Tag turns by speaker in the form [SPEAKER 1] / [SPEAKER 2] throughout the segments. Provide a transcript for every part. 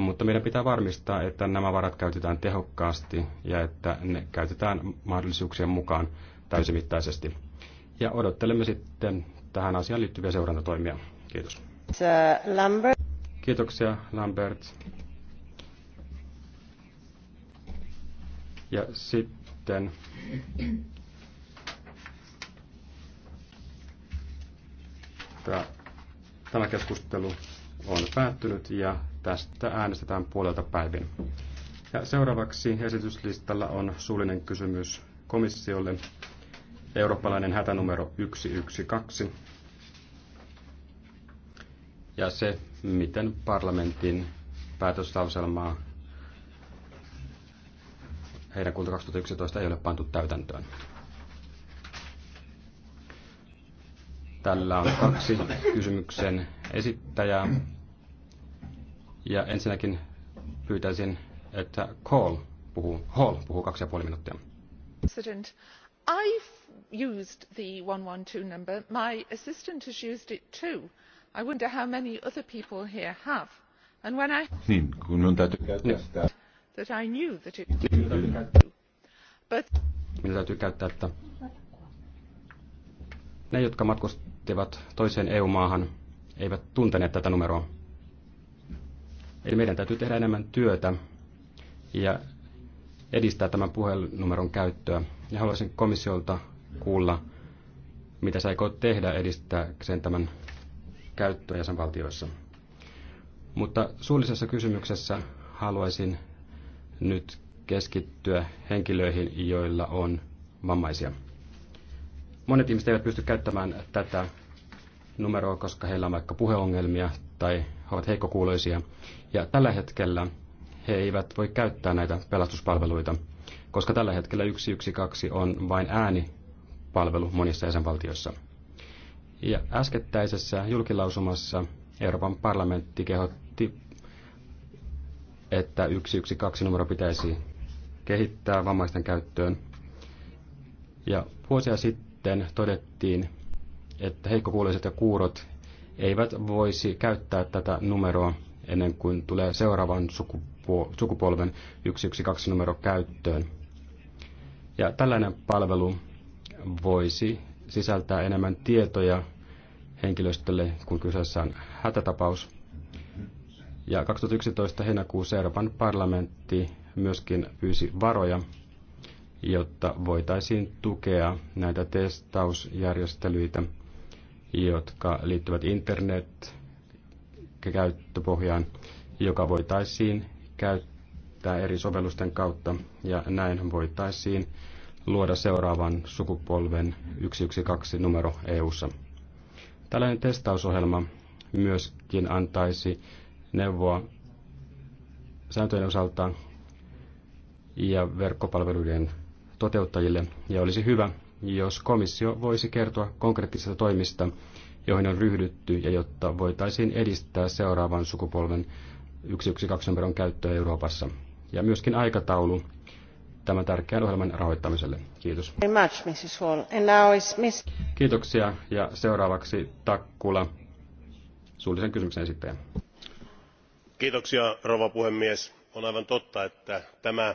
[SPEAKER 1] mutta meidän pitää varmistaa, että nämä varat käytetään tehokkaasti ja että ne käytetään mahdollisuuksien mukaan täysimittaisesti. Ja odottelemme sitten tähän asiaan liittyviä seurantatoimia. Kiitos. Lambert. Kiitoksia, Lambert. Ja sitten tämä keskustelu on päättynyt ja Tästä äänestetään puolelta päivin. Ja seuraavaksi esityslistalla on suullinen kysymys komissiolle. Eurooppalainen hätänumero 112. Ja se, miten parlamentin päätöslauselmaa heinäkuulta 2011 ei ole pantu täytäntöön. Tällä on kaksi kysymyksen esittäjää. Ja ensinnäkin pyytäisin, että Call puhuu, Hall puhuu kaksi ja puoli minuuttia.
[SPEAKER 2] President, I've used the 112 number. My assistant has used it too. I wonder how many other people here have. And when I...
[SPEAKER 1] Niin, kun on täytyy käyttää niin. sitä.
[SPEAKER 2] That I knew that it... Niin.
[SPEAKER 1] But... Minä täytyy käyttää, että ne, jotka matkustivat toiseen EU-maahan, eivät tunteneet tätä numeroa. Eli meidän täytyy tehdä enemmän työtä ja edistää tämän puhelinnumeron käyttöä. Ja haluaisin komissiolta kuulla, mitä sä aikoo tehdä edistääkseen tämän käyttöä jäsenvaltioissa. Mutta suullisessa kysymyksessä haluaisin nyt keskittyä henkilöihin, joilla on vammaisia. Monet ihmiset eivät pysty käyttämään tätä numeroa, koska heillä on vaikka puheongelmia tai ovat heikkokuuloisia. Ja tällä hetkellä he eivät voi käyttää näitä pelastuspalveluita, koska tällä hetkellä 112 on vain äänipalvelu monissa jäsenvaltioissa. Ja äskettäisessä julkilausumassa Euroopan parlamentti kehotti, että 112-numero pitäisi kehittää vammaisten käyttöön. Ja vuosia sitten todettiin, että heikkokuuloiset ja kuurot eivät voisi käyttää tätä numeroa ennen kuin tulee seuraavan sukupolven 112-numero käyttöön. Ja tällainen palvelu voisi sisältää enemmän tietoja henkilöstölle, kun kyseessä on hätätapaus. Ja 2011 heinäkuussa Euroopan parlamentti myöskin pyysi varoja, jotta voitaisiin tukea näitä testausjärjestelyitä – jotka liittyvät internet-käyttöpohjaan, joka voitaisiin käyttää eri sovellusten kautta ja näin voitaisiin luoda seuraavan sukupolven 112-numero EU:ssa. Tällainen testausohjelma myöskin antaisi neuvoa sääntöjen osalta ja verkkopalveluiden toteuttajille, ja olisi hyvä, jos komissio voisi kertoa konkreettisista toimista, joihin on ryhdytty ja jotta voitaisiin edistää seuraavan sukupolven 112-numeron käyttöä Euroopassa. Ja myöskin aikataulu tämän tärkeän ohjelman rahoittamiselle. Kiitos.
[SPEAKER 3] Much, Miss...
[SPEAKER 1] Kiitoksia ja seuraavaksi Takkula, suullisen kysymyksen esittäjä.
[SPEAKER 4] Kiitoksia rouva puhemies. On aivan totta, että tämä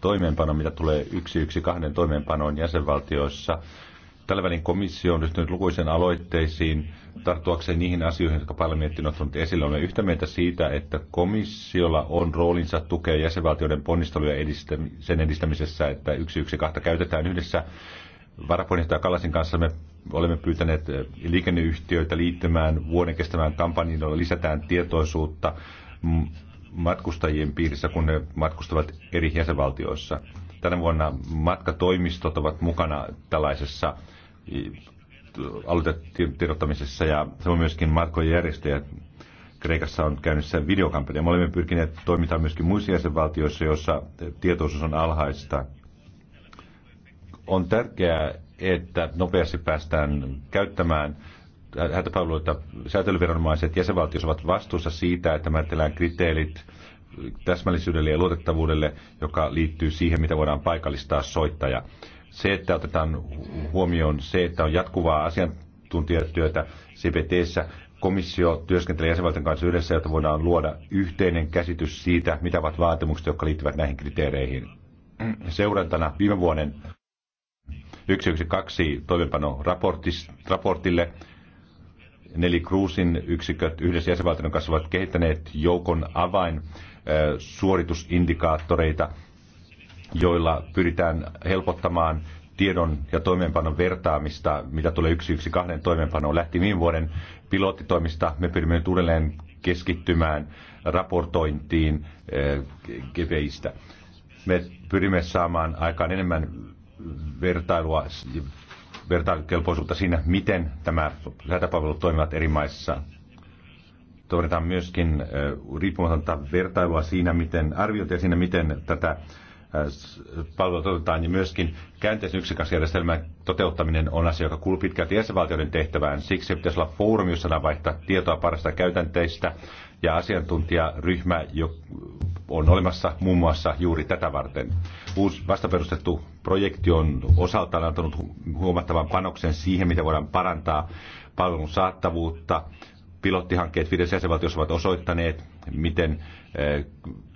[SPEAKER 2] toimeenpano, mitä tulee yksi yksi kahden toimeenpanoon jäsenvaltioissa. Tällä välin komissio on ryhtynyt lukuisen aloitteisiin tarttuakseen niihin asioihin, jotka parlamentti on ottanut esille. Olemme yhtä mieltä siitä, että komissiolla on roolinsa tukea jäsenvaltioiden ponnisteluja edistä, sen edistämisessä, että yksi yksi kahta käytetään yhdessä. Varapuheenjohtaja Kallasin kanssa me olemme pyytäneet eh, liikenneyhtiöitä liittymään vuoden kestävään kampanjiin, jolla lisätään tietoisuutta mm, matkustajien piirissä, kun ne matkustavat eri jäsenvaltioissa. Tänä vuonna matkatoimistot ovat mukana tällaisessa aloitetiedottamisessa ja on myöskin matkojen järjestäjät Kreikassa on käynnissä videokampanja. Me olemme pyrkineet toimintaan myöskin muissa jäsenvaltioissa, joissa tietoisuus on alhaista. On tärkeää, että nopeasti päästään käyttämään häntä palveluita säätelyviranomaiset jäsenvaltiot ovat vastuussa siitä, että määritellään kriteerit täsmällisyydelle ja luotettavuudelle, joka liittyy siihen, mitä voidaan paikallistaa soittaja. Se, että otetaan huomioon se, että on jatkuvaa asiantuntijatyötä CPTssä, komissio työskentelee jäsenvaltion kanssa yhdessä, jotta voidaan luoda yhteinen käsitys siitä, mitä ovat vaatimukset, jotka liittyvät näihin kriteereihin. Seurantana viime vuoden 112 raportille Neli Cruisin yksiköt yhdessä jäsenvaltion kanssa ovat kehittäneet joukon avain suoritusindikaattoreita, joilla pyritään helpottamaan tiedon ja toimeenpanon vertaamista, mitä tulee yksi yksi kahden toimeenpanoon. Lähti viime vuoden pilottitoimista. Me pyrimme nyt uudelleen keskittymään raportointiin keveistä. Me pyrimme saamaan aikaan enemmän vertailua vertailukelpoisuutta siinä, miten tämä hätäpalvelut toimivat eri maissa. Todetaan myöskin riippumatonta vertailua siinä, miten arviointia siinä, miten tätä palvelua toteutetaan, ja myöskin käänteisen yksikasjärjestelmän toteuttaminen on asia, joka kuuluu pitkälti jäsenvaltioiden tehtävään. Siksi pitäisi olla foorumi, jossa vaihtaa tietoa parasta käytänteistä ja asiantuntijaryhmä, on olemassa muun muassa juuri tätä varten. Uusi vastaperustettu projekti on osaltaan antanut huomattavan panoksen siihen, miten voidaan parantaa palvelun saattavuutta. Pilottihankkeet viides jäsenvaltiossa ovat osoittaneet, miten eh,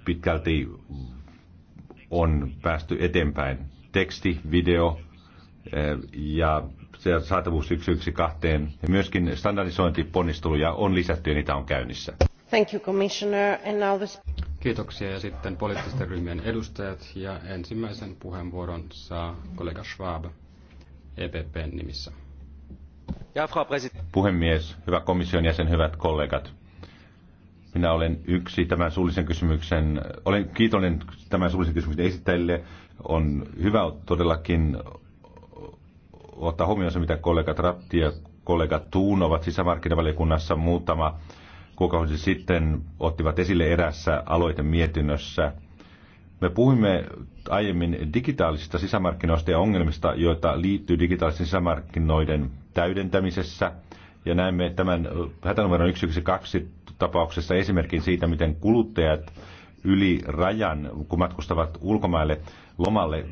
[SPEAKER 2] pitkälti on päästy eteenpäin. Teksti, video eh, ja saatavuus 112 ja myöskin standardisointiponnisteluja on lisätty ja niitä on
[SPEAKER 1] käynnissä.
[SPEAKER 3] Thank you, Commissioner. And now
[SPEAKER 1] Kiitoksia ja sitten poliittisten ryhmien edustajat ja ensimmäisen puheenvuoron saa kollega Schwab EPPn nimissä. Ja, Frau
[SPEAKER 2] Puhemies, hyvä komission jäsen, hyvät kollegat. Minä olen yksi tämän suullisen kysymyksen, olen kiitollinen tämän suullisen kysymyksen esittäjille. On hyvä todellakin ottaa huomioon se, mitä kollegat Ratti ja kollega Tuun ovat sisämarkkinavaliokunnassa muutama kuukausi sitten ottivat esille erässä aloitemietinnössä. Me puhuimme aiemmin digitaalisista sisämarkkinoista ja ongelmista, joita liittyy digitaalisten sisämarkkinoiden täydentämisessä. Ja näemme tämän hätänumeron 112 tapauksessa esimerkin siitä, miten kuluttajat yli rajan, kun matkustavat ulkomaille lomalle,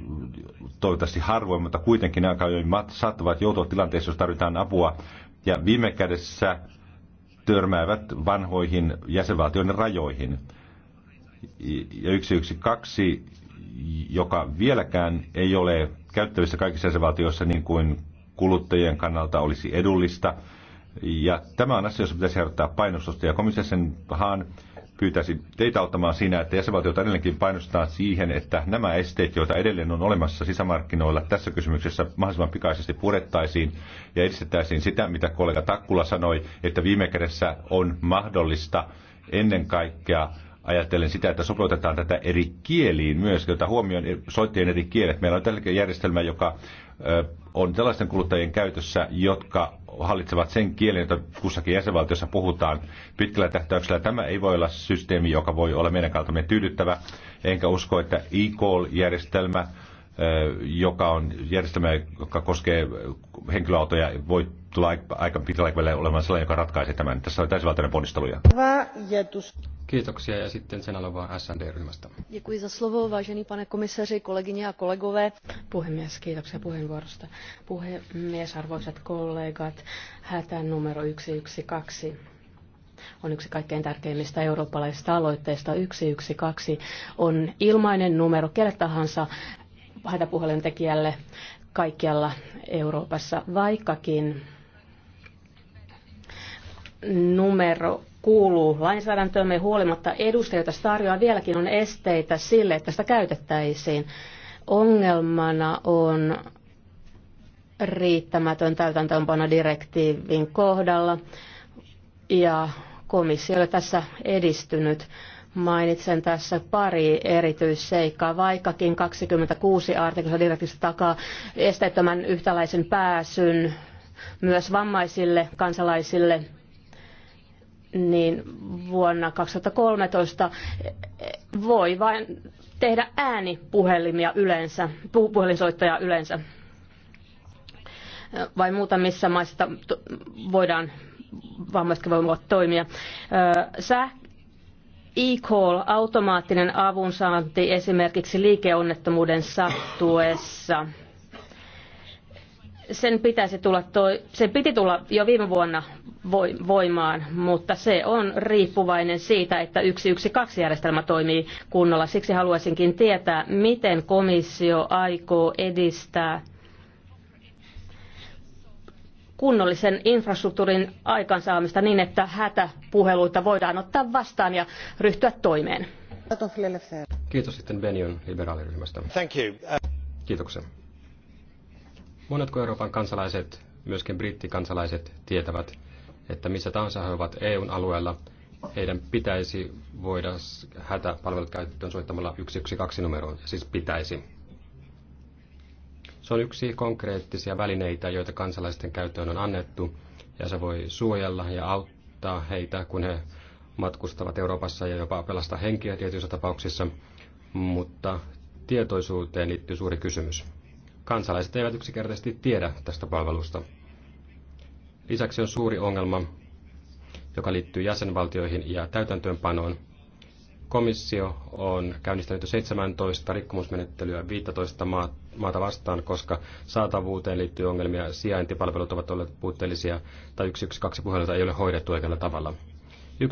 [SPEAKER 2] toivottavasti harvoin, mutta kuitenkin aika ajoin saattavat joutua tilanteessa jos tarvitaan apua. Ja viime kädessä törmäävät vanhoihin jäsenvaltioiden rajoihin. Ja yksi yksi kaksi, joka vieläkään ei ole käyttävissä kaikissa jäsenvaltioissa niin kuin kuluttajien kannalta olisi edullista. Ja tämä on asia, jossa pitäisi herättää painostusta. Ja komissiosen Haan pyytäisin teitä auttamaan siinä, että jäsenvaltiota edelleenkin painostetaan siihen, että nämä esteet, joita edelleen on olemassa sisämarkkinoilla tässä kysymyksessä mahdollisimman pikaisesti purettaisiin ja edistettäisiin sitä, mitä kollega Takkula sanoi, että viime kädessä on mahdollista ennen kaikkea ajattelen sitä, että sopeutetaan tätä eri kieliin myös, että huomioon soittajien eri kielet. Meillä on tällä järjestelmä, joka on sellaisten kuluttajien käytössä, jotka hallitsevat sen kielen, jota kussakin jäsenvaltiossa puhutaan pitkällä tähtäyksellä. Tämä ei voi olla systeemi, joka voi olla meidän kaltamme tyydyttävä. Enkä usko, että e-call-järjestelmä joka on järjestelmä, joka koskee henkilöautoja, voi tulla aika pitkällä aikavälillä olemaan sellainen, joka ratkaisee tämän. Tässä on täysivaltainen ponnisteluja.
[SPEAKER 1] Kiitoksia ja sitten sen aloittaa SND-ryhmästä.
[SPEAKER 3] Děkuji za slovo, vážený pane komisaři, kolegyně a kolegové. Puhemies, kiitoksia puheenvuorosta. Puhemies, arvoisat kollegat, hätä numero 112 on yksi kaikkein tärkeimmistä eurooppalaisista aloitteista. 112 on ilmainen numero kelle tahansa hätäpuhelintekijälle kaikkialla Euroopassa, vaikkakin numero kuuluu lainsäädäntöömme huolimatta edustajilta tarjoaa vieläkin on esteitä sille, että sitä käytettäisiin. Ongelmana on riittämätön täytäntöönpano direktiivin kohdalla ja komissio ei ole tässä edistynyt. Mainitsen tässä pari erityisseikkaa, vaikkakin 26 artiklassa direktiivissä takaa esteettömän yhtäläisen pääsyn myös vammaisille kansalaisille, niin vuonna 2013 voi vain tehdä äänipuhelimia yleensä, puhelinsoittajaa yleensä. Vai muutamissa maissa voidaan vammaisetkin voivat toimia e-call, automaattinen avunsaanti esimerkiksi liikeonnettomuuden sattuessa. Sen, pitäisi tulla toi, sen piti tulla jo viime vuonna voimaan, mutta se on riippuvainen siitä, että 112-järjestelmä toimii kunnolla. Siksi haluaisinkin tietää, miten komissio aikoo edistää kunnollisen infrastruktuurin aikaansaamista niin, että hätäpuheluita voidaan ottaa vastaan ja ryhtyä toimeen.
[SPEAKER 1] Kiitos sitten Benion liberaaliryhmästä. Thank you. Uh- Kiitoksia. Monetko Euroopan kansalaiset, myöskin brittikansalaiset, tietävät, että missä tahansa he ovat EUn alueella, heidän pitäisi voida hätäpalvelut käyttöön soittamalla 112 numeroon, siis pitäisi. Se on yksi konkreettisia välineitä, joita kansalaisten käyttöön on annettu, ja se voi suojella ja auttaa heitä, kun he matkustavat Euroopassa ja jopa pelastaa henkiä tietyissä tapauksissa, mutta tietoisuuteen liittyy suuri kysymys. Kansalaiset eivät yksinkertaisesti tiedä tästä palvelusta. Lisäksi on suuri ongelma, joka liittyy jäsenvaltioihin ja täytäntöönpanoon. Komissio on käynnistänyt 17 rikkomusmenettelyä 15 maata maata vastaan, koska saatavuuteen liittyy ongelmia, sijaintipalvelut ovat olleet puutteellisia tai 112 puheluita ei ole hoidettu oikealla tavalla.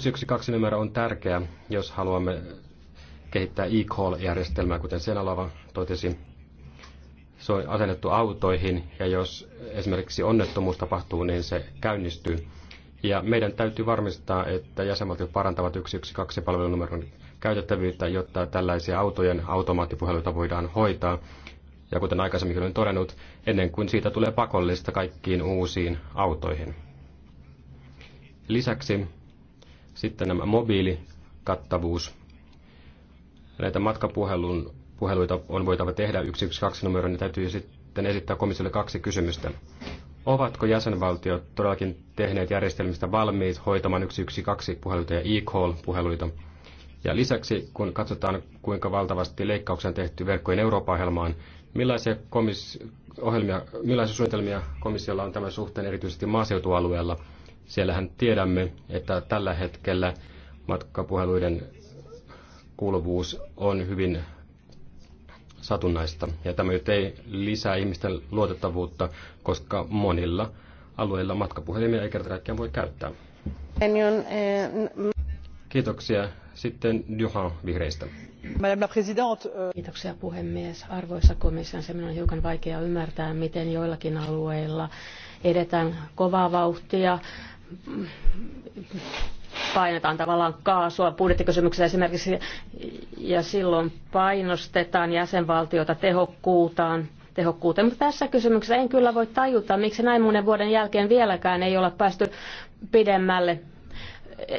[SPEAKER 1] 112 numero on tärkeä, jos haluamme kehittää e-call-järjestelmää, kuten Senalava totesi. Se on asennettu autoihin ja jos esimerkiksi onnettomuus tapahtuu, niin se käynnistyy. Ja meidän täytyy varmistaa, että jäsenvaltiot parantavat 112-palvelunumeron käytettävyyttä, jotta tällaisia autojen automaattipuheluita voidaan hoitaa ja kuten aikaisemmin olen todennut, ennen kuin siitä tulee pakollista kaikkiin uusiin autoihin. Lisäksi sitten nämä mobiilikattavuus. Näitä matkapuhelun puheluita on voitava tehdä 112-numeroon, niin täytyy sitten esittää komissiolle kaksi kysymystä. Ovatko jäsenvaltiot todellakin tehneet järjestelmistä valmiit hoitamaan 112-puheluita ja e-call-puheluita? Ja lisäksi, kun katsotaan, kuinka valtavasti leikkauksia on tehty verkkojen Eurooppa-ohjelmaan, Millaisia, komis- ohjelmia, millaisia suunnitelmia komissiolla on tämän suhteen erityisesti maaseutualueella? Siellähän tiedämme, että tällä hetkellä matkapuheluiden kuuluvuus on hyvin satunnaista. Ja tämä nyt ei lisää ihmisten luotettavuutta, koska monilla alueilla matkapuhelimia ei kerta kaikkiaan voi käyttää. Eh, Kiitoksia. Sitten Duhan vihreistä.
[SPEAKER 3] Euh, Kiitoksia puhemies. Arvoisa komission, se on hiukan vaikea ymmärtää, miten joillakin alueilla edetään kovaa vauhtia painetaan tavallaan kaasua budjettikysymyksessä esimerkiksi, ja silloin painostetaan jäsenvaltiota tehokkuutaan, tehokkuuteen. Mutta tässä kysymyksessä en kyllä voi tajuta, miksi näin monen vuoden jälkeen vieläkään ei ole päästy pidemmälle.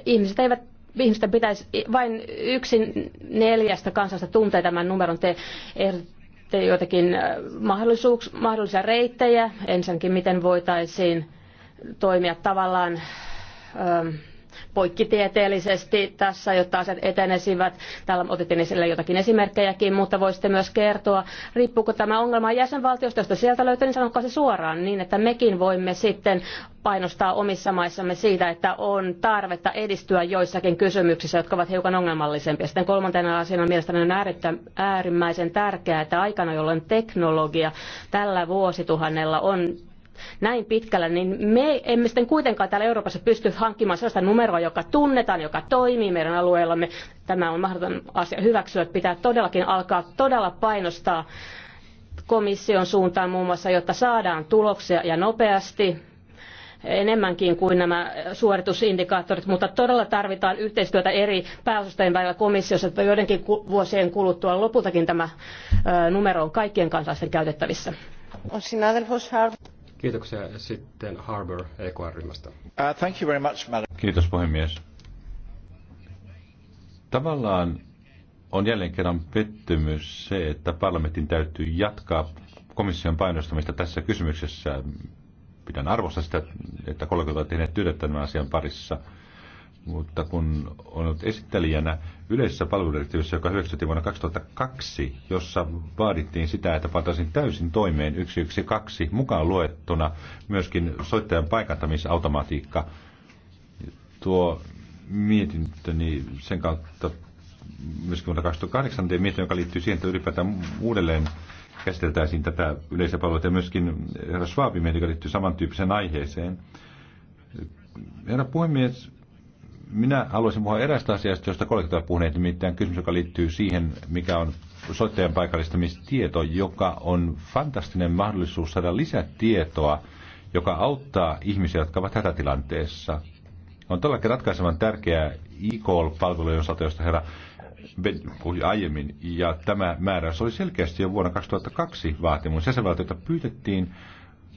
[SPEAKER 3] Ihmiset eivät ihmisten pitäisi, vain yksin neljästä kansasta tuntea tämän numeron. Te ehdotte joitakin äh, mahdollisuus, mahdollisia reittejä, ensinnäkin miten voitaisiin toimia tavallaan ähm, poikkitieteellisesti tässä, jotta asiat etenisivät. Täällä otettiin esille jotakin esimerkkejäkin, mutta voisitte myös kertoa, riippuuko tämä ongelma jäsenvaltiosta, josta sieltä löytyy, niin sanokaa se suoraan niin, että mekin voimme sitten painostaa omissa maissamme siitä, että on tarvetta edistyä joissakin kysymyksissä, jotka ovat hiukan ongelmallisempia. Sitten kolmantena asiana mielestäni on äärimmäisen tärkeää, että aikana, jolloin teknologia tällä vuosituhannella on näin pitkällä, niin me emme sitten kuitenkaan täällä Euroopassa pysty hankkimaan sellaista numeroa, joka tunnetaan, joka toimii meidän alueellamme. Tämä on mahdoton asia hyväksyä, että pitää todellakin alkaa todella painostaa komission suuntaan muun muassa, jotta saadaan tuloksia ja nopeasti enemmänkin kuin nämä suoritusindikaattorit, mutta todella tarvitaan yhteistyötä eri pääosastojen välillä komissiossa, että joidenkin vuosien kuluttua lopultakin tämä numero on kaikkien kansalaisten käytettävissä.
[SPEAKER 1] Kiitoksia sitten Harbour EKR-ryhmästä.
[SPEAKER 2] Uh, thank you very much, madam. Kiitos puhemies. Tavallaan on jälleen kerran pettymys se, että parlamentin täytyy jatkaa komission painostamista tässä kysymyksessä. Pidän arvossa sitä, että kollegat ovat tehneet työtä tämän asian parissa mutta kun on ollut esittelijänä yleisessä palveludirektiivissä, joka hyväksyttiin vuonna 2002, jossa vaadittiin sitä, että pantaisiin täysin toimeen 112 mukaan luettuna myöskin soittajan paikantamisautomatiikka. Tuo mietintö, niin sen kautta myöskin vuonna 2008 tein mietintö, joka liittyy siihen, että ylipäätään uudelleen käsiteltäisiin tätä yleisessä palvelua ja myöskin herra Schwabin mietintö, joka liittyy samantyyppiseen aiheeseen. Herra puhemies, minä haluaisin puhua erästä asiasta, josta kollegat ovat puhuneet, nimittäin kysymys, joka liittyy siihen, mikä on soittajan paikallistamistieto, joka on fantastinen mahdollisuus saada lisätietoa, joka auttaa ihmisiä, jotka ovat hätätilanteessa. On todellakin ratkaisevan tärkeää e-call-palvelujen osalta, josta herra puhui aiemmin, ja tämä määräys oli selkeästi jo vuonna 2002 vaatimus. Jäsenvaltioita pyytettiin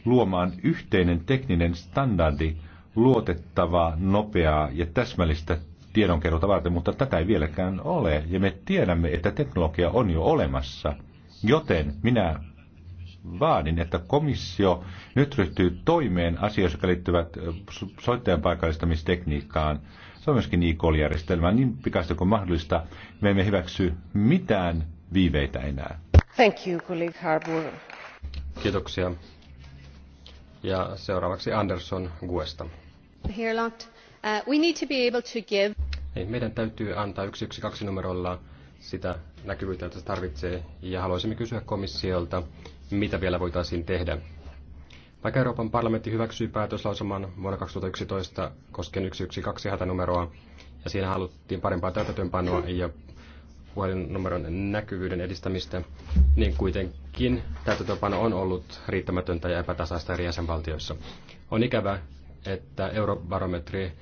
[SPEAKER 2] luomaan yhteinen tekninen standardi luotettavaa, nopeaa ja täsmällistä tiedonkeruuta varten, mutta tätä ei vieläkään ole. Ja me tiedämme, että teknologia on jo olemassa. Joten minä vaadin, että komissio nyt ryhtyy toimeen asioissa, jotka liittyvät soittajan paikallistamistekniikkaan. Se on myöskin e-call-järjestelmä niin pikaisesti kuin mahdollista. Me emme hyväksy mitään viiveitä enää.
[SPEAKER 3] Thank you, colleague Harbour.
[SPEAKER 1] Kiitoksia. Ja seuraavaksi Anderson Guesta.
[SPEAKER 3] Uh, we need to be able to give...
[SPEAKER 1] Niin, meidän täytyy antaa 112 numerolla sitä näkyvyyttä, jota se tarvitsee, ja haluaisimme kysyä komissiolta, mitä vielä voitaisiin tehdä. Vaikka Euroopan parlamentti hyväksyi päätöslausuman vuonna 2011 koskien 112 hätänumeroa, ja siinä haluttiin parempaa täytäntöönpanoa ja puhelinnumeron näkyvyyden edistämistä, niin kuitenkin täytäntöpano on ollut riittämätöntä ja epätasaista eri jäsenvaltioissa. On ikävä, että eurobarometri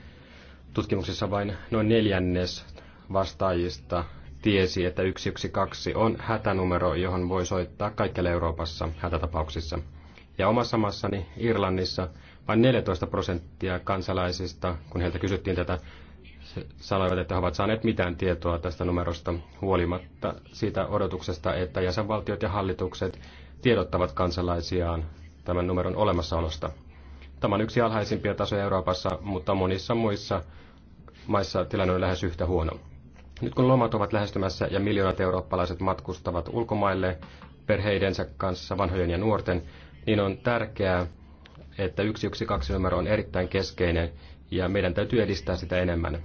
[SPEAKER 1] tutkimuksissa vain noin neljännes vastaajista tiesi, että 112 on hätänumero, johon voi soittaa kaikkialla Euroopassa hätätapauksissa. Ja omassa maassani Irlannissa vain 14 prosenttia kansalaisista, kun heiltä kysyttiin tätä, sanoivat, että he ovat saaneet mitään tietoa tästä numerosta huolimatta siitä odotuksesta, että jäsenvaltiot ja hallitukset tiedottavat kansalaisiaan tämän numeron olemassaolosta. Tämä on yksi alhaisimpia tasoja Euroopassa, mutta monissa muissa maissa tilanne on lähes yhtä huono. Nyt kun lomat ovat lähestymässä ja miljoonat eurooppalaiset matkustavat ulkomaille perheidensä kanssa, vanhojen ja nuorten, niin on tärkeää, että 112-numero on erittäin keskeinen ja meidän täytyy edistää sitä enemmän.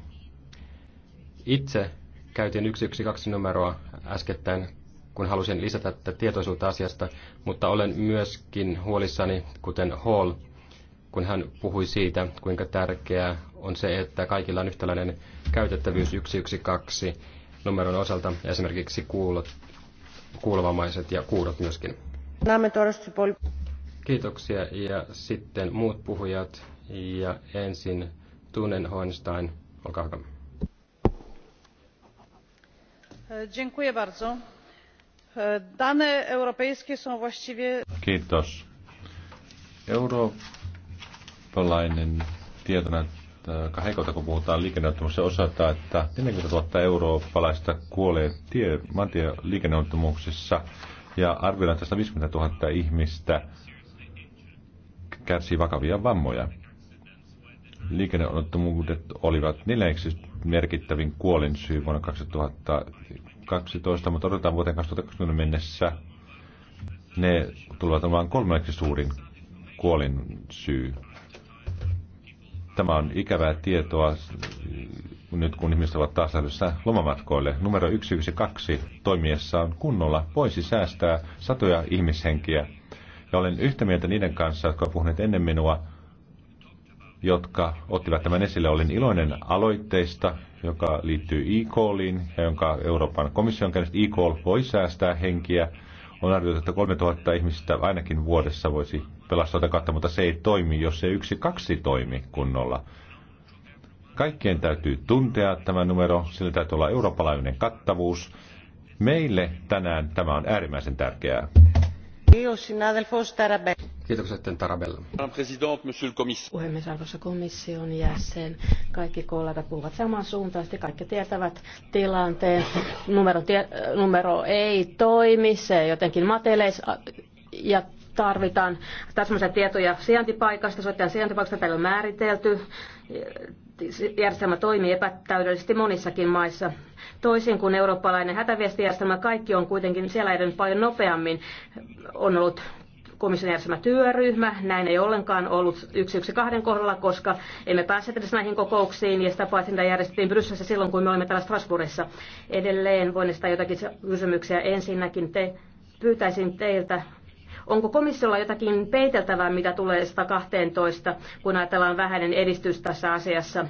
[SPEAKER 1] Itse käytin 112 numeroa äskettäin, kun halusin lisätä tätä tietoisuutta asiasta, mutta olen myöskin huolissani, kuten Hall, kun hän puhui siitä, kuinka tärkeää on se, että kaikilla on yhtäläinen käytettävyys 112 numeron osalta, esimerkiksi kuulot, kuulovamaiset ja kuulot myöskin. Kiitoksia ja sitten muut puhujat. Ja ensin Tunen Hornstein olkaa hyvä.
[SPEAKER 2] E, dziękuję bardzo. E, dane europejskie są właściwie... Kiitos. Eurooppalainen tietona heikolta, kun puhutaan liikenneonnettomuuksista, osataan, että 40 000 eurooppalaista kuolee tie, maantieliikenneonnettomuuksissa ja arvioidaan että 50 000 ihmistä kärsii vakavia vammoja. Liikenneonnettomuudet olivat neljäksi merkittävin kuolinsyy vuonna 2012, mutta odotetaan vuoteen 2020 mennessä ne tulevat olemaan kolmanneksi suurin kuolinsyy. Tämä on ikävää tietoa nyt kun ihmiset ovat taas lähdössä lomamatkoille. Numero 112 toimiessaan kunnolla voisi säästää satoja ihmishenkiä. Ja olen yhtä mieltä niiden kanssa, jotka ovat puhuneet ennen minua, jotka ottivat tämän esille. Olen iloinen aloitteista, joka liittyy e-calliin ja jonka Euroopan komission käynnistä e-call voi säästää henkiä. On arvioitu, että 3000 ihmistä ainakin vuodessa voisi pelastaa tätä tuota kautta, mutta se ei toimi, jos se yksi kaksi toimi kunnolla. Kaikkien täytyy tuntea tämä numero, sillä täytyy olla eurooppalainen kattavuus. Meille tänään tämä on äärimmäisen tärkeää. Kiitokset Tarabella.
[SPEAKER 3] Puhemies, arvoisa komission jäsen. Kaikki kollegat puhuvat samansuuntaisesti, kaikki tietävät tilanteen. Numero, tie, numero ei toimi, se jotenkin mateleis ja tarvitaan täsmällisiä tietoja sijaintipaikasta, soittajan sijaintipaikasta täällä on määritelty. Järjestelmä toimii epätäydellisesti monissakin maissa. Toisin kuin eurooppalainen hätäviestijärjestelmä, kaikki on kuitenkin siellä edennyt paljon nopeammin. On ollut komission järjestämä työryhmä. Näin ei ollenkaan ollut kahden kohdalla, koska emme päässeet edes näihin kokouksiin ja sitä paitsi järjestettiin Brysselissä silloin, kun me olimme täällä Strasbourgissa. Edelleen voin esittää jotakin kysymyksiä. Ensinnäkin te pyytäisin teiltä Onko komissiolla jotakin peiteltävää, mitä tulee 112, kun ajatellaan vähäinen edistys tässä asiassa?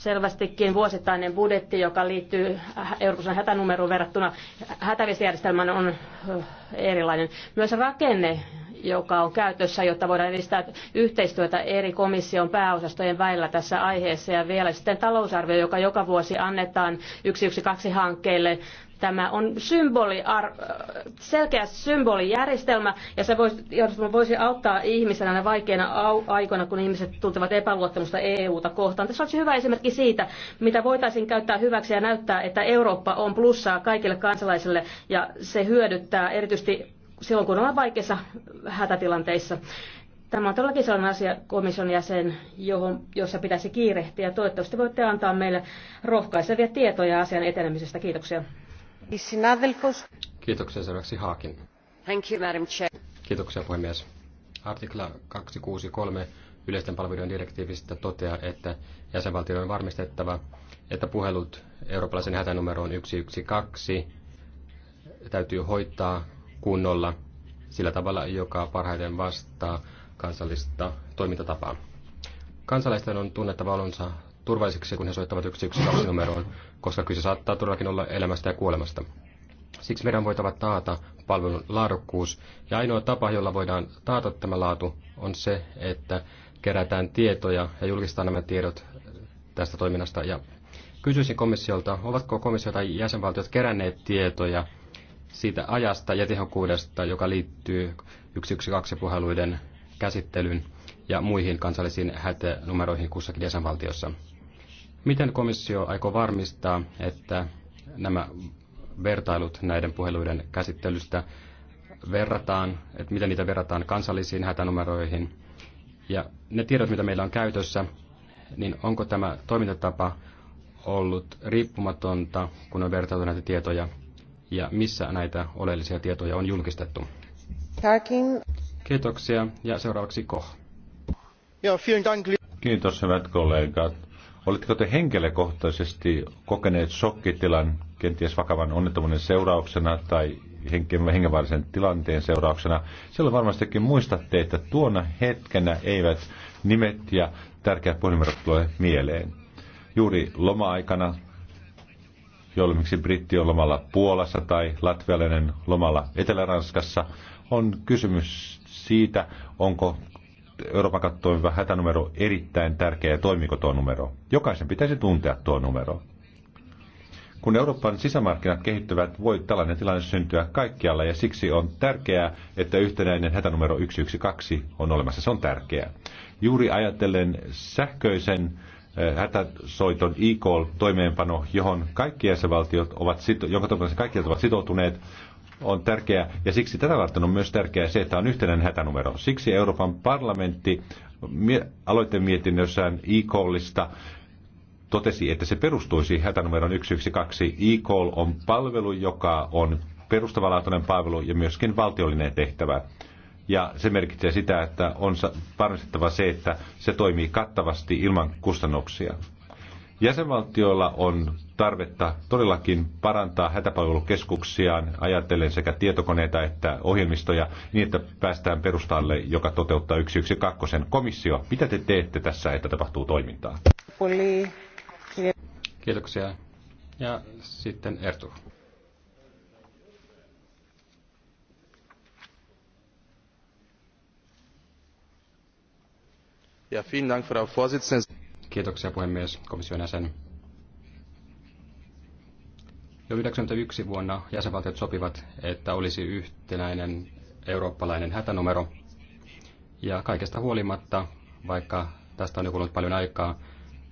[SPEAKER 3] selvästikin vuosittainen budjetti, joka liittyy Euroopan hätänumeroon verrattuna hätävesijärjestelmään, on erilainen. Myös rakenne joka on käytössä, jotta voidaan edistää yhteistyötä eri komission pääosastojen välillä tässä aiheessa. Ja vielä sitten talousarvio, joka joka vuosi annetaan kaksi hankkeelle Tämä on symboli, selkeä symbolijärjestelmä ja se voisi, voisi auttaa ihmisenä näinä vaikeina aikoina, kun ihmiset tuntevat epäluottamusta EUta kohtaan. Tässä olisi hyvä esimerkki siitä, mitä voitaisiin käyttää hyväksi ja näyttää, että Eurooppa on plussaa kaikille kansalaisille ja se hyödyttää erityisesti silloin, kun ollaan vaikeissa hätätilanteissa. Tämä on todellakin sellainen asia komission jäsen, johon, jossa pitäisi kiirehtiä. Toivottavasti voitte antaa meille rohkaisevia tietoja asian etenemisestä. Kiitoksia.
[SPEAKER 1] Kiitoksia seuraavaksi Haakin.
[SPEAKER 3] Thank you, Madam Chair.
[SPEAKER 1] Kiitoksia puhemies. Artikla 263 yleisten palveluiden direktiivistä toteaa, että jäsenvaltioiden on varmistettava, että puhelut eurooppalaisen hätänumeroon 112 täytyy hoitaa kunnolla sillä tavalla, joka parhaiten vastaa kansallista toimintatapaa. Kansalaisten on tunnettava olonsa turvallisiksi, kun he soittavat 112 numeroon, koska kyse saattaa todellakin olla elämästä ja kuolemasta. Siksi meidän voitava taata palvelun laadukkuus, ja ainoa tapa, jolla voidaan taata tämä laatu, on se, että kerätään tietoja ja julkistetaan nämä tiedot tästä toiminnasta. Ja kysyisin komissiolta, ovatko komissio tai jäsenvaltiot keränneet tietoja siitä ajasta ja tehokkuudesta, joka liittyy 112-puheluiden käsittelyyn ja muihin kansallisiin hätänumeroihin kussakin jäsenvaltiossa. Miten komissio aikoo varmistaa, että nämä vertailut näiden puheluiden käsittelystä verrataan, että miten niitä verrataan kansallisiin hätänumeroihin. Ja ne tiedot, mitä meillä on käytössä, niin onko tämä toimintatapa ollut riippumatonta, kun on vertailtu näitä tietoja, ja missä näitä oleellisia tietoja on julkistettu? Tarkin Kiitoksia, ja seuraavaksi Koh.
[SPEAKER 2] Kiitos, hyvät kollegat Oletteko te henkilökohtaisesti kokeneet shokkitilan, kenties vakavan onnettomuuden seurauksena tai hengenvaarallisen tilanteen seurauksena? Silloin varmastikin muistatte, että tuona hetkenä eivät nimet ja tärkeät puhelimerot tule mieleen. Juuri loma-aikana, jolloin miksi britti on lomalla Puolassa tai latvialainen lomalla Etelä-Ranskassa, on kysymys siitä, onko Euroopan kattoiva hätänumero erittäin tärkeä ja toimiko tuo numero. Jokaisen pitäisi tuntea tuo numero. Kun Euroopan sisämarkkinat kehittyvät, voi tällainen tilanne syntyä kaikkialla ja siksi on tärkeää, että yhtenäinen hätänumero 112 on olemassa. Se on tärkeää. Juuri ajatellen sähköisen eh, hätäsoiton e-call toimeenpano, johon kaikki jäsenvaltiot ovat, jonka kaikki ovat sitoutuneet, on tärkeää ja siksi tätä varten on myös tärkeää se, että on yhtenäinen hätänumero. Siksi Euroopan parlamentti mietinnössään e-callista totesi, että se perustuisi hätänumeron 112. E-call on palvelu, joka on perustavanlaatuinen palvelu ja myöskin valtiollinen tehtävä. Ja se merkitsee sitä, että on varmistettava se, että se toimii kattavasti ilman kustannuksia. Jäsenvaltioilla on tarvetta todellakin parantaa hätäpalvelukeskuksiaan ajatellen sekä tietokoneita että ohjelmistoja niin, että päästään perustalle, joka toteuttaa 112. Komissio, mitä te teette tässä, että tapahtuu toimintaa? Kiitoksia.
[SPEAKER 1] Ja sitten Ertu. Ja, vielen Dank, Frau Vorsitzende. Kiitoksia puhemies, komission jäsen. Jo 1991 vuonna jäsenvaltiot sopivat, että olisi yhtenäinen eurooppalainen hätänumero. Ja kaikesta huolimatta, vaikka tästä on jo kulunut paljon aikaa,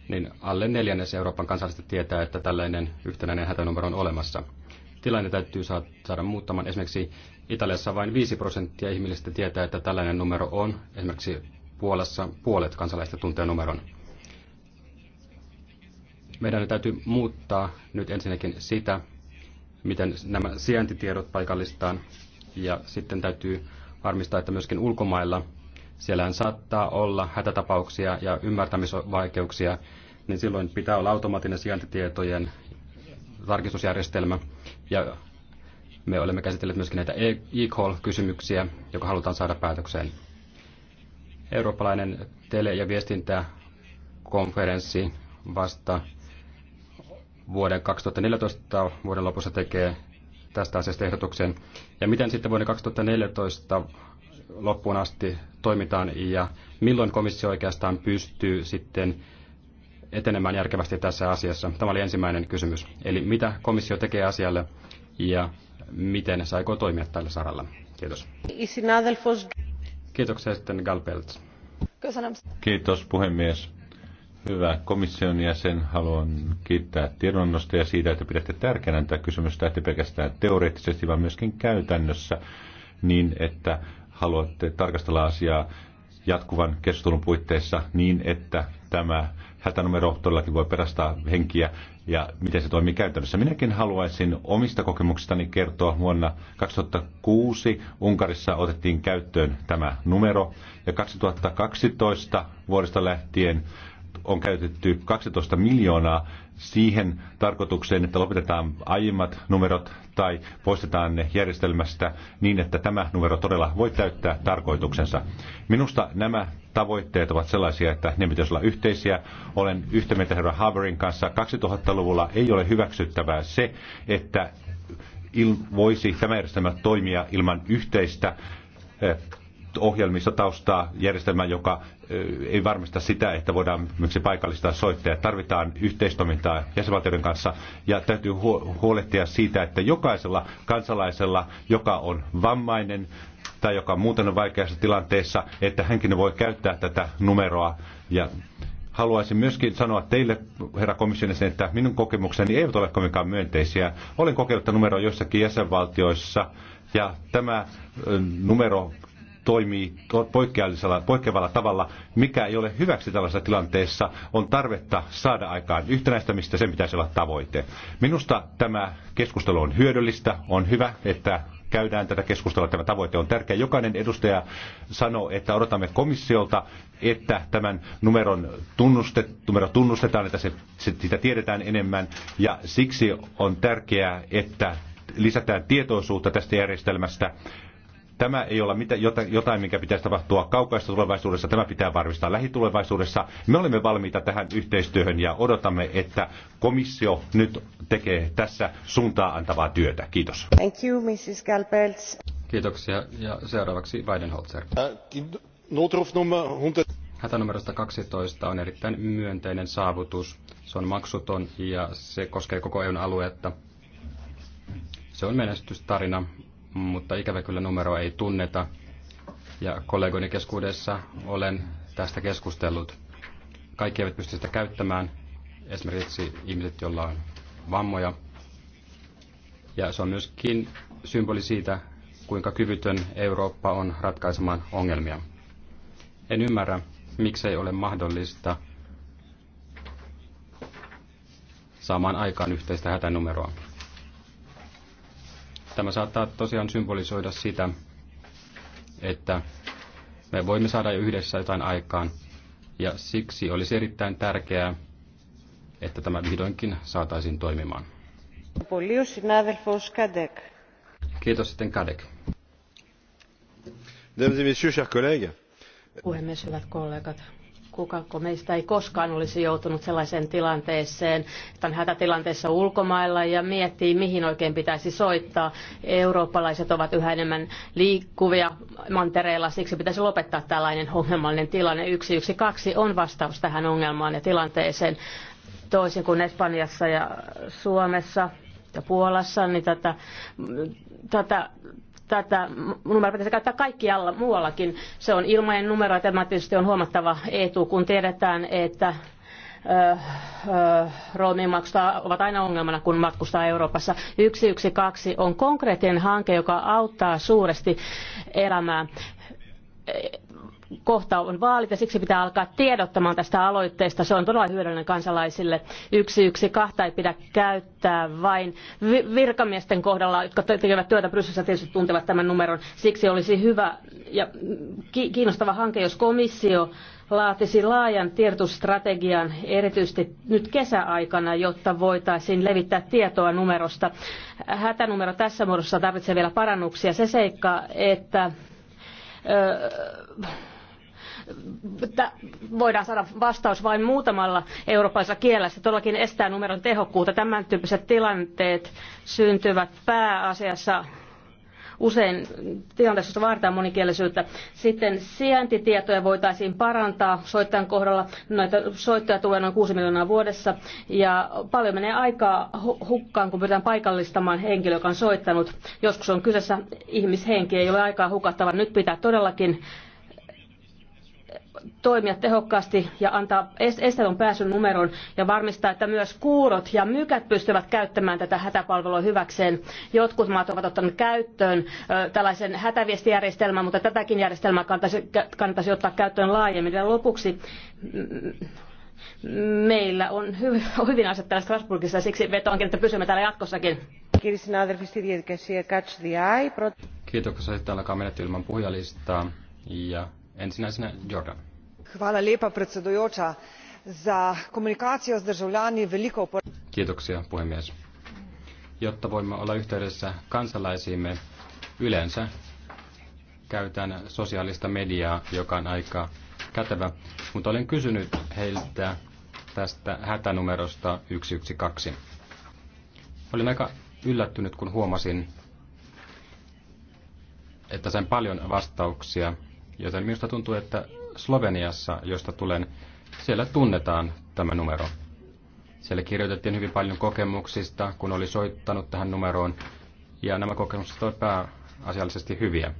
[SPEAKER 1] niin alle neljännes Euroopan kansallista tietää, että tällainen yhtenäinen hätänumero on olemassa. Tilanne täytyy saada muuttamaan. Esimerkiksi Italiassa vain 5 prosenttia ihmisistä tietää, että tällainen numero on. Esimerkiksi Puolassa puolet kansalaisista tuntee numeron. Meidän täytyy muuttaa nyt ensinnäkin sitä, miten nämä sijaintitiedot paikallistaan. Ja sitten täytyy varmistaa, että myöskin ulkomailla siellä saattaa olla hätätapauksia ja ymmärtämisvaikeuksia, niin silloin pitää olla automaattinen sijaintitietojen tarkistusjärjestelmä. Ja me olemme käsitelleet myöskin näitä e-call-kysymyksiä, joka halutaan saada päätökseen. Eurooppalainen tele- ja viestintäkonferenssi vasta vuoden 2014 vuoden lopussa tekee tästä asiasta ehdotuksen. Ja miten sitten vuoden 2014 loppuun asti toimitaan ja milloin komissio oikeastaan pystyy sitten etenemään järkevästi tässä asiassa? Tämä oli ensimmäinen kysymys. Eli mitä komissio tekee asialle ja miten se aikoo toimia tällä saralla? Kiitos. Kiitoksia sitten Galpelts.
[SPEAKER 2] Kiitos puhemies. Hyvä komission jäsen, haluan kiittää tiedonannosta ja siitä, että pidätte tärkeänä tätä kysymystä, että pelkästään teoreettisesti, vaan myöskin käytännössä, niin että haluatte tarkastella asiaa jatkuvan keskustelun puitteissa niin, että tämä hätänumero todellakin voi perastaa henkiä ja miten se toimii käytännössä. Minäkin haluaisin omista kokemuksistani kertoa. Vuonna 2006 Unkarissa otettiin käyttöön tämä numero ja 2012 vuodesta lähtien on käytetty 12 miljoonaa siihen tarkoitukseen, että lopetetaan aiemmat numerot tai poistetaan ne järjestelmästä niin, että tämä numero todella voi täyttää tarkoituksensa. Minusta nämä tavoitteet ovat sellaisia, että ne pitäisi olla yhteisiä. Olen yhtä mieltä herra Haverin kanssa. 2000-luvulla ei ole hyväksyttävää se, että voisi tämä järjestelmä toimia ilman yhteistä eh, ohjelmissa taustaa järjestelmä, joka ei varmista sitä, että voidaan miksi paikallistaa soittajat. Tarvitaan yhteistoimintaa jäsenvaltioiden kanssa ja täytyy huolehtia siitä, että jokaisella kansalaisella, joka on vammainen tai joka on muuten on vaikeassa tilanteessa, että hänkin voi käyttää tätä numeroa ja haluaisin myöskin sanoa teille, herra jäsen, että minun kokemukseni eivät ole kovinkaan myönteisiä. Olen kokeillut numeroa joissakin jäsenvaltioissa ja tämä numero toimii poikkeavalla tavalla, mikä ei ole hyväksi tällaisessa tilanteessa, on tarvetta saada aikaan yhtenäistämistä, sen pitäisi olla tavoite. Minusta tämä keskustelu on hyödyllistä, on hyvä, että käydään tätä keskustelua. Tämä tavoite on tärkeä. Jokainen edustaja sanoo, että odotamme komissiolta, että tämän numeron tunnustet, numero tunnustetaan, että se, se, sitä tiedetään enemmän. Ja siksi on tärkeää, että lisätään tietoisuutta tästä järjestelmästä Tämä ei ole mitä, jotain, mikä pitäisi tapahtua kaukaisessa tulevaisuudessa. Tämä pitää varmistaa lähitulevaisuudessa. Me olemme valmiita tähän yhteistyöhön ja odotamme, että komissio nyt tekee tässä suuntaa antavaa työtä. Kiitos.
[SPEAKER 3] Thank you, Mrs. Galpels.
[SPEAKER 1] Kiitoksia. Ja seuraavaksi Weidenholzer. Hätänumero 112 on erittäin myönteinen saavutus. Se on maksuton ja se koskee koko EUn aluetta. Se on menestystarina, mutta ikävä kyllä numeroa ei tunneta. Ja kollegoiden keskuudessa olen tästä keskustellut. Kaikki eivät pysty sitä käyttämään, esimerkiksi ihmiset, joilla on vammoja. Ja se on myöskin symboli siitä, kuinka kyvytön Eurooppa on ratkaisemaan ongelmia. En ymmärrä, miksei ole mahdollista saamaan aikaan yhteistä hätänumeroa. Tämä saattaa tosiaan symbolisoida sitä, että me voimme saada yhdessä jotain aikaan. Ja siksi olisi erittäin tärkeää, että tämä vihdoinkin saataisiin toimimaan. Kiitos sitten Kadek.
[SPEAKER 3] Puhemies, hyvät kollegat, Kukaan meistä ei koskaan olisi joutunut sellaiseen tilanteeseen, että on hätätilanteessa ulkomailla ja miettii, mihin oikein pitäisi soittaa. Eurooppalaiset ovat yhä enemmän liikkuvia mantereilla, siksi pitäisi lopettaa tällainen ongelmallinen tilanne. 112 on vastaus tähän ongelmaan ja tilanteeseen. Toisin kuin Espanjassa ja Suomessa ja Puolassa, niin tätä, tätä tätä numeroa pitäisi käyttää kaikkialla muuallakin. Se on ilmainen numero ja tämä tietysti on huomattava etu, kun tiedetään, että roomien maksuta ovat aina ongelmana, kun matkustaa Euroopassa. 112 on konkreettinen hanke, joka auttaa suuresti elämää kohta on vaalit ja siksi pitää alkaa tiedottamaan tästä aloitteesta. Se on todella hyödyllinen kansalaisille. Yksi yksi kahta ei pidä käyttää vain virkamiesten kohdalla, jotka tekevät työtä Brysselissä tietysti tuntevat tämän numeron. Siksi olisi hyvä ja kiinnostava hanke, jos komissio laatisi laajan tiedotusstrategian erityisesti nyt kesäaikana, jotta voitaisiin levittää tietoa numerosta. Hätänumero tässä muodossa tarvitsee vielä parannuksia. Se seikka, että voidaan saada vastaus vain muutamalla eurooppalaisella kielellä. Se todellakin estää numeron tehokkuutta. Tämän tyyppiset tilanteet syntyvät pääasiassa usein tilanteessa, jossa vaaditaan monikielisyyttä. Sitten sijaintitietoja voitaisiin parantaa soittajan kohdalla. Noita soittoja tulee noin 6 miljoonaa vuodessa ja paljon menee aikaa hukkaan, kun pyritään paikallistamaan henkilö, joka on soittanut. Joskus on kyseessä ihmishenki, ei ole aikaa hukattava. Nyt pitää todellakin toimia tehokkaasti ja antaa estetön pääsyn numeron ja varmistaa, että myös kuurot ja mykät pystyvät käyttämään tätä hätäpalvelua hyväkseen. Jotkut maat ovat ottaneet käyttöön tällaisen hätäviestijärjestelmän, mutta tätäkin järjestelmää kannattaisi, kannattaisi ottaa käyttöön laajemmin. Ja lopuksi meillä on hyvin, asiat täällä Strasbourgissa ja siksi vetoankin, että pysymme täällä jatkossakin.
[SPEAKER 1] Kiitoksia, että alkaa menet ilman puhujalistaa. Ja
[SPEAKER 3] Hvala
[SPEAKER 4] lepa, predsedujoča. Za državljani veliko...
[SPEAKER 1] Kiitoksia, puhemies. Jotta voimme olla yhteydessä kansalaisiimme, yleensä käytän sosiaalista mediaa, joka on aika kätevä, mutta olen kysynyt heiltä tästä hätänumerosta 112. Olin aika yllättynyt, kun huomasin, että sain paljon vastauksia Joten minusta tuntuu, että Sloveniassa, josta tulen, siellä tunnetaan tämä numero. Siellä kirjoitettiin hyvin paljon kokemuksista, kun oli soittanut tähän numeroon, ja nämä kokemukset ovat pääasiallisesti hyviä.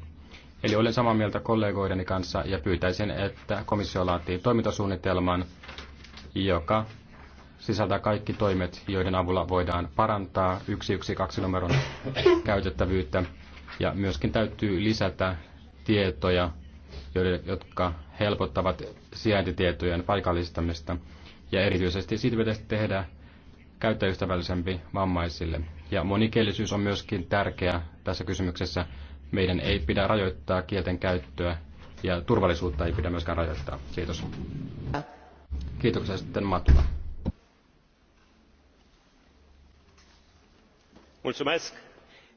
[SPEAKER 1] Eli olen samaa mieltä kollegoideni kanssa ja pyytäisin, että komissio laatii toimintasuunnitelman, joka sisältää kaikki toimet, joiden avulla voidaan parantaa 112-numeron käytettävyyttä ja myöskin täytyy lisätä tietoja jotka helpottavat sijaintitietojen paikallistamista ja erityisesti siitä pitäisi tehdä käyttäjystävällisempi vammaisille. Ja monikielisyys on myöskin tärkeä tässä kysymyksessä. Meidän ei pidä rajoittaa kielten käyttöä ja turvallisuutta ei pidä myöskään rajoittaa. Kiitos. Kiitoksia sitten Matula.
[SPEAKER 4] Mulțumesc.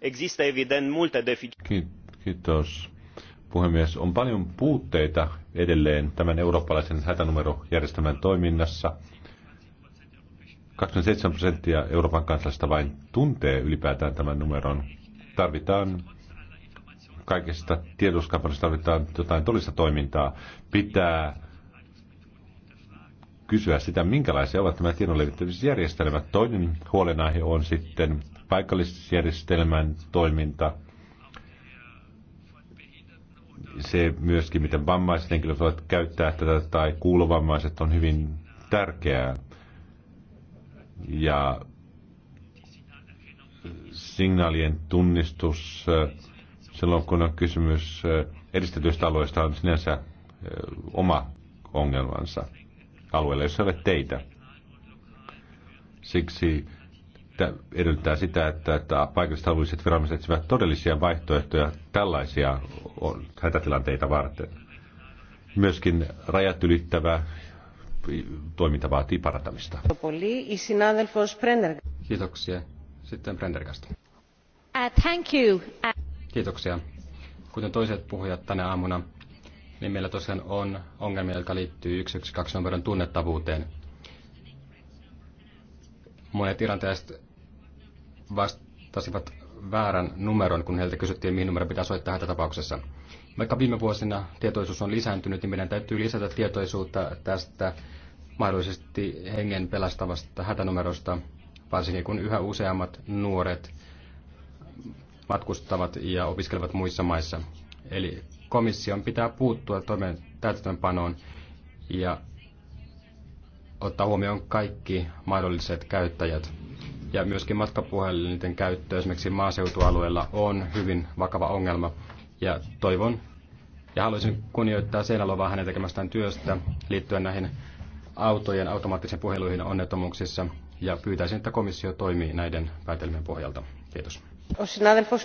[SPEAKER 4] Există evident multe deficiențe.
[SPEAKER 2] Kiitos puhemies, on paljon puutteita edelleen tämän eurooppalaisen hätänumerojärjestelmän toiminnassa. 27 prosenttia Euroopan kansalaisista vain tuntee ylipäätään tämän numeron. Tarvitaan kaikesta tiedotuskampanjasta tarvitaan jotain todellista toimintaa. Pitää kysyä sitä, minkälaisia ovat nämä tiedonlevittämisjärjestelmät. Toinen huolenaihe on sitten paikallisjärjestelmän toiminta – se myöskin, miten vammaiset henkilöt voivat käyttää tätä tai kuulovammaiset on hyvin tärkeää. Ja signaalien tunnistus silloin, kun on kysymys eh, edistetyistä alueista, on sinänsä eh, oma ongelmansa alueella, jossa ei ole teitä. Siksi että edellyttää sitä, että, että paikalliset alueelliset viranomaiset etsivät todellisia vaihtoehtoja tällaisia hätätilanteita varten. Myöskin rajat ylittävä toiminta vaatii parantamista.
[SPEAKER 1] Kiitoksia. Sitten Brendergast.
[SPEAKER 3] Uh, thank you. Uh...
[SPEAKER 1] Kiitoksia. Kuten toiset puhujat tänä aamuna, niin meillä tosiaan on ongelmia, jotka liittyy 112 numeron tunnettavuuteen monet tilanteet vastasivat väärän numeron, kun heiltä kysyttiin, mihin numero pitää soittaa häntä tapauksessa. Vaikka viime vuosina tietoisuus on lisääntynyt, niin meidän täytyy lisätä tietoisuutta tästä mahdollisesti hengen pelastavasta hätänumerosta, varsinkin kun yhä useammat nuoret matkustavat ja opiskelevat muissa maissa. Eli komission pitää puuttua toimen täytäntöönpanoon ja ottaa huomioon kaikki mahdolliset käyttäjät. Ja myöskin matkapuhelinten käyttö esimerkiksi maaseutualueella on hyvin vakava ongelma. Ja toivon ja haluaisin kunnioittaa Seilalovaa hänen tekemästään työstä liittyen näihin autojen automaattisiin puheluihin onnettomuuksissa ja pyytäisin, että komissio toimii näiden päätelmien pohjalta. Kiitos.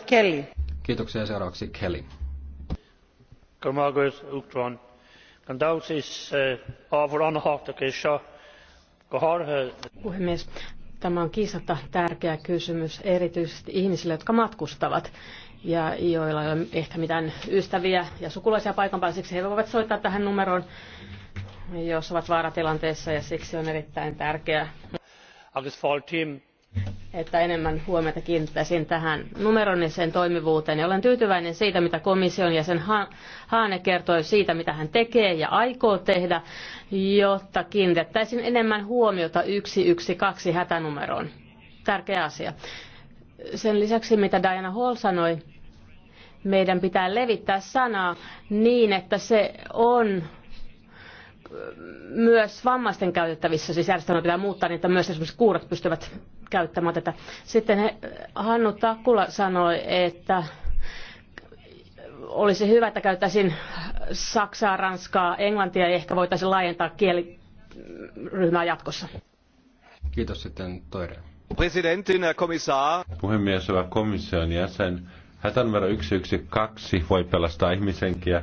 [SPEAKER 1] Kelly. Kiitoksia seuraavaksi Kelly.
[SPEAKER 3] Puhemies, Tämä on kiistatta tärkeä kysymys erityisesti ihmisille, jotka matkustavat ja joilla ei ole ehkä mitään ystäviä ja sukulaisia paikan päällä. Siksi he voivat soittaa tähän numeroon, jos ovat vaaratilanteessa ja siksi on erittäin tärkeää että enemmän huomiota kiinnittäisin tähän numeron sen toimivuuteen. Ja olen tyytyväinen siitä, mitä komission jäsen Haane kertoi siitä, mitä hän tekee ja aikoo tehdä, jotta kiinnittäisin enemmän huomiota 112 hätänumeroon. Tärkeä asia. Sen lisäksi, mitä Diana Hall sanoi, meidän pitää levittää sanaa niin, että se on myös vammaisten käytettävissä, siis järjestelmä pitää muuttaa niin, että myös esimerkiksi kuurat pystyvät käyttämään tätä. Sitten eh, Hannu Takkula sanoi, että olisi hyvä, että käyttäisin Saksaa, Ranskaa, Englantia ja ehkä voitaisiin laajentaa kieliryhmää jatkossa.
[SPEAKER 1] Kiitos sitten Toire.
[SPEAKER 3] Presidentin ja eh, komissaar.
[SPEAKER 2] Puhemies, hyvä komission jäsen. Hätänumero 112 voi pelastaa ihmisenkiä.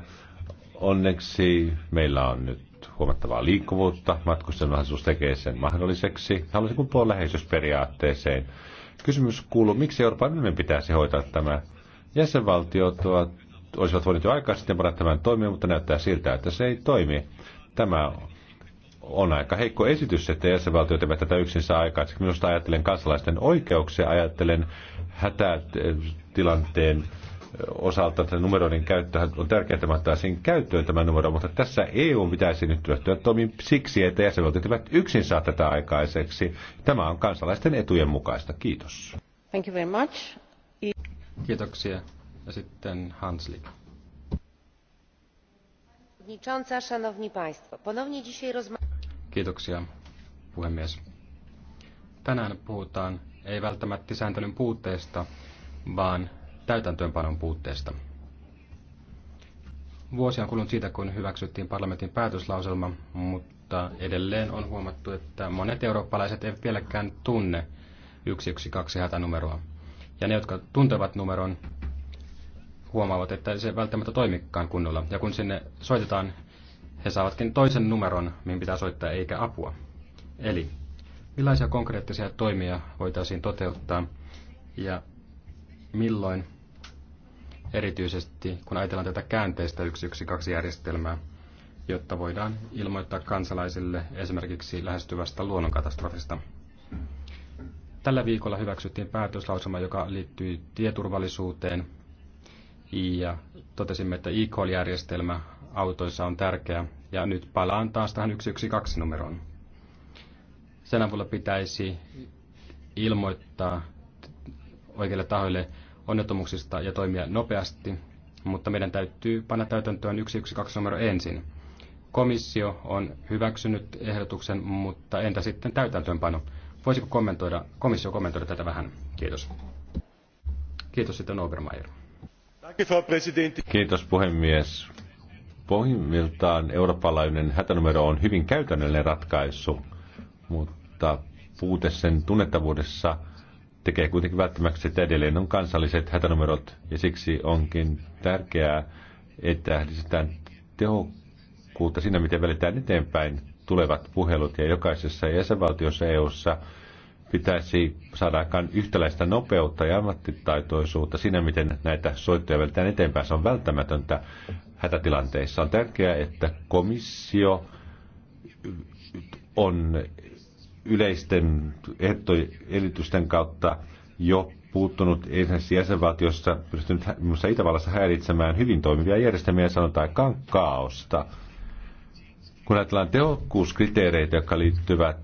[SPEAKER 2] Onneksi meillä on nyt huomattavaa liikkuvuutta. Matkustelmahdollisuus tekee sen mahdolliseksi. Haluaisin kumpua läheisyysperiaatteeseen. Kysymys kuuluu, miksi Euroopan unionin pitäisi hoitaa tämä? Jäsenvaltiot ovat, olisivat voineet jo aikaa sitten parantaa tämän toimia, mutta näyttää siltä, että se ei toimi. Tämä on aika heikko esitys, että jäsenvaltiot eivät tätä yksin saa aikaan. Minusta ajattelen kansalaisten oikeuksia, ajattelen hätätilanteen osalta tämä numeroiden käyttö on tärkeää, että ottaisiin käyttöön tämä numero, mutta tässä EU pitäisi nyt ryhtyä toimiin siksi, että jäsenvaltiot eivät yksin saa tätä aikaiseksi. Tämä on kansalaisten etujen mukaista.
[SPEAKER 1] Kiitos.
[SPEAKER 3] Thank you very much.
[SPEAKER 1] Kiitoksia. Ja sitten Hanslik. Kiitoksia, puhemies. Tänään puhutaan ei välttämättä sääntelyn puutteesta, vaan täytäntöönpanon puutteesta. Vuosi on kulunut siitä, kun hyväksyttiin parlamentin päätöslauselma, mutta edelleen on huomattu, että monet eurooppalaiset eivät vieläkään tunne 112 hätänumeroa. Ja ne, jotka tuntevat numeron, huomaavat, että se ei välttämättä toimikkaan kunnolla. Ja kun sinne soitetaan, he saavatkin toisen numeron, mihin pitää soittaa, eikä apua. Eli millaisia konkreettisia toimia voitaisiin toteuttaa ja milloin erityisesti kun ajatellaan tätä käänteistä 112-järjestelmää, jotta voidaan ilmoittaa kansalaisille esimerkiksi lähestyvästä luonnonkatastrofista. Tällä viikolla hyväksyttiin päätöslausuma, joka liittyy tieturvallisuuteen, ja totesimme, että e-call-järjestelmä autoissa on tärkeä, ja nyt palaan taas tähän 112-numeroon. Sen avulla pitäisi ilmoittaa oikeille tahoille onnettomuuksista ja toimia nopeasti, mutta meidän täytyy panna täytäntöön 112 numero ensin. Komissio on hyväksynyt ehdotuksen, mutta entä sitten täytäntöönpano? Voisiko kommentoida, komissio kommentoida tätä vähän? Kiitos. Kiitos sitten Obermeier.
[SPEAKER 2] Kiitos puhemies. Pohjimmiltaan eurooppalainen hätänumero on hyvin käytännöllinen ratkaisu, mutta puute sen tunnettavuudessa – tekee kuitenkin välttämättä, että edelleen on kansalliset hätänumerot ja siksi onkin tärkeää, että lisätään tehokkuutta siinä, miten välitään eteenpäin tulevat puhelut ja jokaisessa jäsenvaltiossa EU:ssa pitäisi saada aikaan yhtäläistä nopeutta ja ammattitaitoisuutta siinä, miten näitä soittoja välitään eteenpäin. Se on välttämätöntä hätätilanteissa. On tärkeää, että komissio on yleisten ehtojen kautta jo puuttunut ensimmäisessä jäsenvaltiossa, pystynyt muassa Itävallassa häiritsemään hyvin toimivia järjestelmiä, sanotaan kaaosta. Kun ajatellaan tehokkuuskriteereitä, jotka liittyvät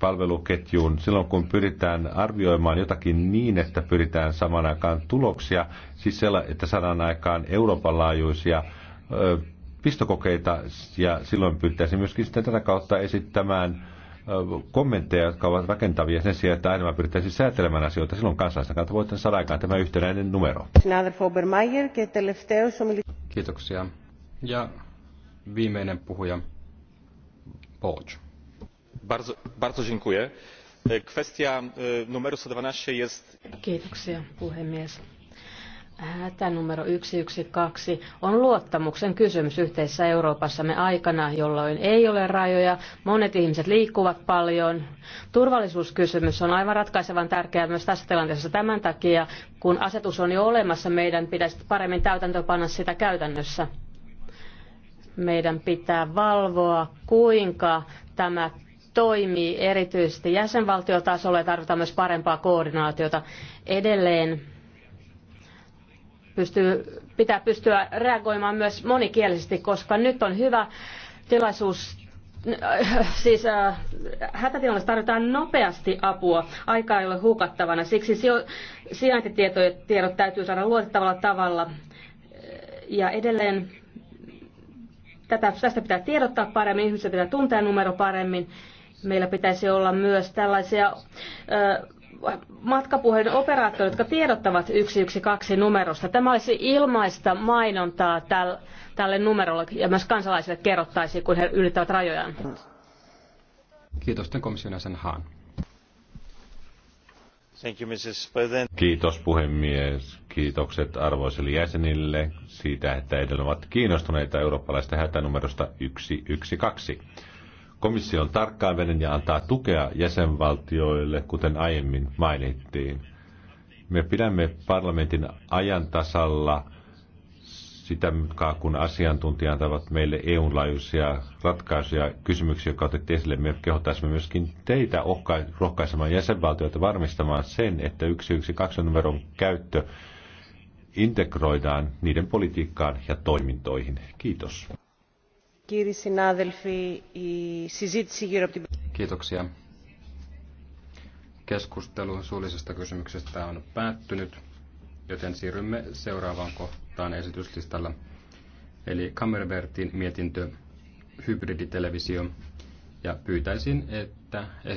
[SPEAKER 2] palveluketjuun, silloin kun pyritään arvioimaan jotakin niin, että pyritään saman aikaan tuloksia, siis sella, että saadaan aikaan Euroopan laajuisia pistokokeita, ja silloin pyrittäisiin myöskin sitten tätä kautta esittämään kommentteja, jotka ovat rakentavia sen sijaan, että aina pyrittäisiin säätelemään asioita. Silloin kansalaisten kautta voitaisiin saada aikaan tämä yhtenäinen numero.
[SPEAKER 1] Kiitoksia. Ja viimeinen puhuja,
[SPEAKER 4] Borge. Bardzo, bardzo dziękuję. E, kwestia e, numeru 112 jest...
[SPEAKER 3] Kiitoksia, puhemies Hätä numero 112 on luottamuksen kysymys yhteisessä Euroopassamme aikana, jolloin ei ole rajoja, monet ihmiset liikkuvat paljon. Turvallisuuskysymys on aivan ratkaisevan tärkeä myös tässä tilanteessa. Tämän takia, kun asetus on jo olemassa, meidän pitäisi paremmin täytäntöpanna sitä käytännössä. Meidän pitää valvoa, kuinka tämä toimii erityisesti jäsenvaltiotasolla ja tarvitaan myös parempaa koordinaatiota. Edelleen pystyy, pitää pystyä reagoimaan myös monikielisesti, koska nyt on hyvä tilaisuus äh, siis äh, hätätilanteessa tarvitaan nopeasti apua. Aikaa ei ole hukattavana, siksi sijo- sijaintitiedot täytyy saada luotettavalla tavalla. Ja edelleen tätä, tästä pitää tiedottaa paremmin, ihmiset pitää tuntea numero paremmin. Meillä pitäisi olla myös tällaisia äh, operaattorit, jotka tiedottavat 112 numerosta. Tämä olisi ilmaista mainontaa tälle numerolle ja myös kansalaisille kerrottaisiin, kun he ylittävät rajojaan.
[SPEAKER 1] Kiitos, komission jäsen Haan.
[SPEAKER 2] Kiitos puhemies. Kiitokset arvoisille jäsenille siitä, että edelleen ovat kiinnostuneita eurooppalaista hätänumerosta 112. Komissio on tarkkaavainen ja antaa tukea jäsenvaltioille, kuten aiemmin mainittiin. Me pidämme parlamentin ajan tasalla sitä mukaan, kun asiantuntijat antavat meille EUn laajuisia ratkaisuja, kysymyksiä, jotka otettiin esille, me kehottaisimme myöskin teitä rohkaisemaan jäsenvaltioita varmistamaan sen, että 112 numeron käyttö integroidaan niiden politiikkaan ja toimintoihin. Kiitos.
[SPEAKER 1] Kiitoksia. Keskustelu suullisesta kysymyksestä on päättynyt, joten siirrymme seuraavaan kohtaan esityslistalla. Eli Kammervertin mietintö hybriditelevisio ja pyytäisin, että esit-